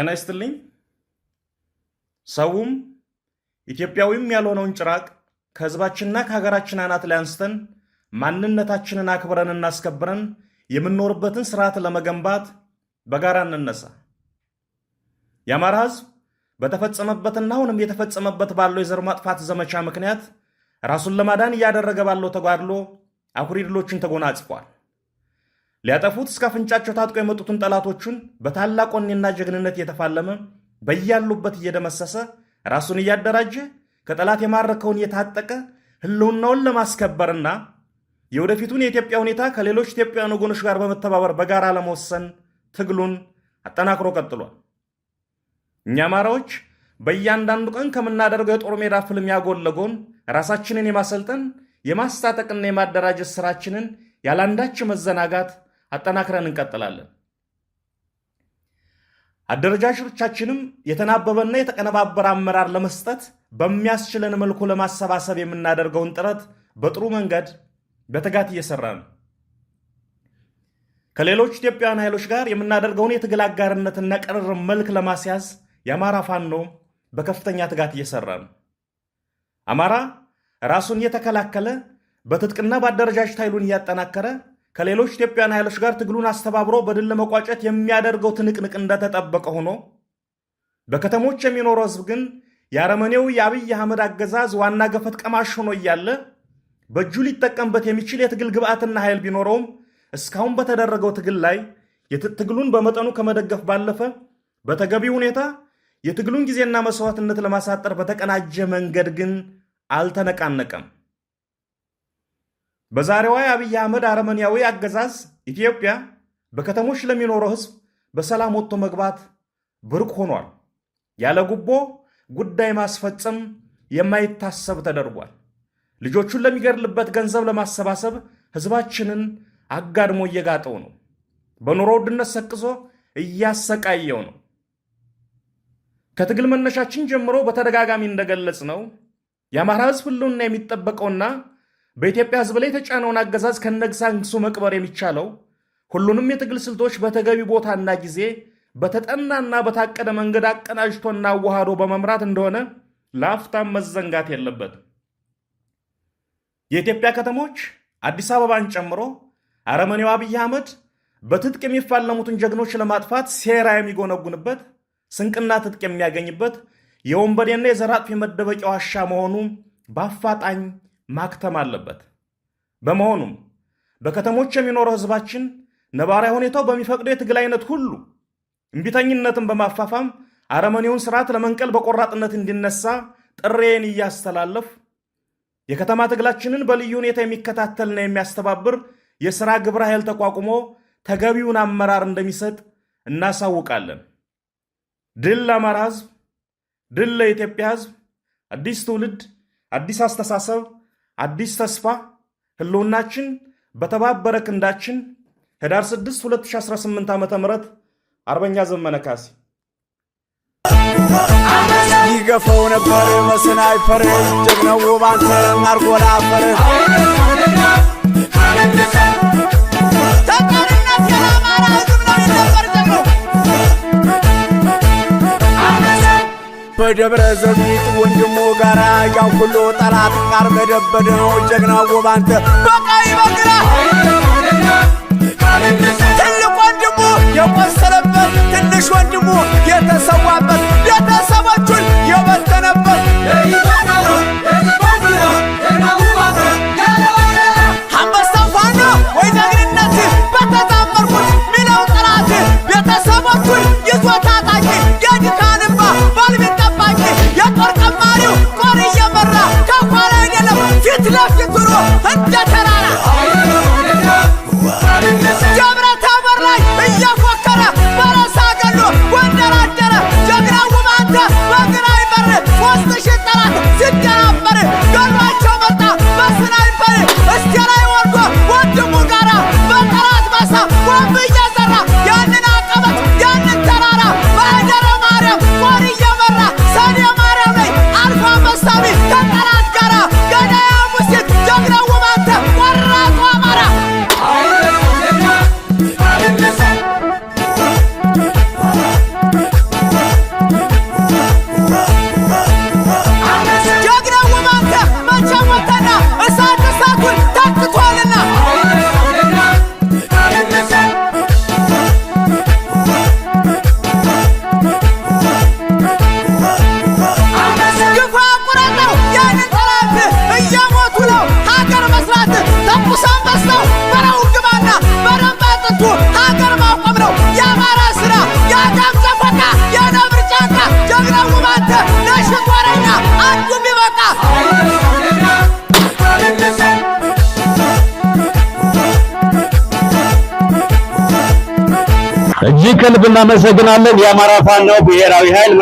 ጤና ይስጥልኝ። ሰውም ኢትዮጵያዊም ያልሆነውን ጭራቅ ከህዝባችንና ከሀገራችን አናት ላይ አንስተን ማንነታችንን አክብረን እናስከብረን የምንኖርበትን ስርዓት ለመገንባት በጋራ እንነሳ። የአማራ ህዝብ በተፈጸመበትና አሁንም የተፈጸመበት ባለው የዘር ማጥፋት ዘመቻ ምክንያት ራሱን ለማዳን እያደረገ ባለው ተጓድሎ አኩሪ ድሎችን ተጎናጽፏል። ሊያጠፉት እስከ አፍንጫቸው ታጥቆ የመጡትን ጠላቶቹን በታላቅ ወኔና ጀግንነት እየተፋለመ በያሉበት እየደመሰሰ ራሱን እያደራጀ ከጠላት የማረከውን እየታጠቀ ህልውናውን ለማስከበርና የወደፊቱን የኢትዮጵያ ሁኔታ ከሌሎች ኢትዮጵያውያን ወገኖች ጋር በመተባበር በጋራ ለመወሰን ትግሉን አጠናክሮ ቀጥሏል። እኛ አማራዎች በእያንዳንዱ ቀን ከምናደርገው የጦር ሜዳ ፍልሚያ ጎን ለጎን ራሳችንን የማሰልጠን የማስታጠቅና የማደራጀት ስራችንን ያላንዳች መዘናጋት አጠናክረን እንቀጥላለን። አደረጃጀቶቻችንም የተናበበና የተቀነባበረ አመራር ለመስጠት በሚያስችለን መልኩ ለማሰባሰብ የምናደርገውን ጥረት በጥሩ መንገድ በትጋት እየሰራ ነው። ከሌሎች ኢትዮጵያውያን ኃይሎች ጋር የምናደርገውን የትግል አጋርነትና ቅርርብ መልክ ለማስያዝ የአማራ ፋኖ በከፍተኛ ትጋት እየሰራ ነው። አማራ ራሱን እየተከላከለ በትጥቅና በአደረጃጀት ኃይሉን እያጠናከረ ከሌሎች ኢትዮጵያን ኃይሎች ጋር ትግሉን አስተባብሮ በድል ለመቋጨት የሚያደርገው ትንቅንቅ እንደተጠበቀ ሆኖ በከተሞች የሚኖረው ህዝብ ግን የአረመኔው የአብይ አህመድ አገዛዝ ዋና ገፈት ቀማሽ ሆኖ እያለ በእጁ ሊጠቀምበት የሚችል የትግል ግብአትና ኃይል ቢኖረውም እስካሁን በተደረገው ትግል ላይ ትግሉን በመጠኑ ከመደገፍ ባለፈ በተገቢ ሁኔታ የትግሉን ጊዜና መስዋዕትነት ለማሳጠር በተቀናጀ መንገድ ግን አልተነቃነቀም። በዛሬዋ የአብይ አህመድ አረመኔያዊ አገዛዝ ኢትዮጵያ በከተሞች ለሚኖረው ህዝብ በሰላም ወጥቶ መግባት ብርቅ ሆኗል። ያለ ጉቦ ጉዳይ ማስፈጸም የማይታሰብ ተደርጓል። ልጆቹን ለሚገድልበት ገንዘብ ለማሰባሰብ ህዝባችንን አጋድሞ እየጋጠው ነው። በኑሮ ውድነት ሰቅዞ እያሰቃየው ነው። ከትግል መነሻችን ጀምሮ በተደጋጋሚ እንደገለጽ ነው የአማራ ህዝብ ህልውና የሚጠበቀውና በኢትዮጵያ ሕዝብ ላይ የተጫነውን አገዛዝ ከነግሳንግሱ መቅበር የሚቻለው ሁሉንም የትግል ስልቶች በተገቢ ቦታና ጊዜ በተጠናና በታቀደ መንገድ አቀናጅቶና አዋህዶ በመምራት እንደሆነ ለአፍታም መዘንጋት የለበትም። የኢትዮጵያ ከተሞች አዲስ አበባን ጨምሮ አረመኔው አብይ አህመድ በትጥቅ የሚፋለሙትን ጀግኖች ለማጥፋት ሴራ የሚጎነጉንበት ስንቅና ትጥቅ የሚያገኝበት የወንበዴና የዘራጥፍ የመደበቂያ ዋሻ መሆኑ በአፋጣኝ ማክተም አለበት። በመሆኑም በከተሞች የሚኖረው ህዝባችን ነባሪያ ሁኔታው በሚፈቅደው የትግል አይነት ሁሉ እምቢተኝነትን በማፋፋም አረመኔውን ስርዓት ለመንቀል በቆራጥነት እንዲነሳ ጥሬን እያስተላለፍ የከተማ ትግላችንን በልዩ ሁኔታ የሚከታተልና የሚያስተባብር የሥራ ግብረ ኃይል ተቋቁሞ ተገቢውን አመራር እንደሚሰጥ እናሳውቃለን። ድል ለአማራ ህዝብ፣ ድል ለኢትዮጵያ ህዝብ። አዲስ ትውልድ፣ አዲስ አስተሳሰብ አዲስ ተስፋ ህልውናችን በተባበረ ክንዳችን ህዳር 6 2018 ዓ ም አርበኛ ዘመነ ካሴ ይገፈው ነበር በስናይፐር ጀግናው ውብ አንተ ማርጎላ አፈር በደብረ ዘቢጥ ወንድሙ ጋራ ያው ሁሉ ጠላት ቃር በደበደው ጀግናው ውባንተ በቃ በግራ ቁጥር ተማሪው ጦር እየመራ ከኋላ አይደለም ፊት ለፊት ሆኖ እንደ እጅግ ከልብ እናመሰግናለን። የአማራ ፋኖ ብሔራዊ ኃይል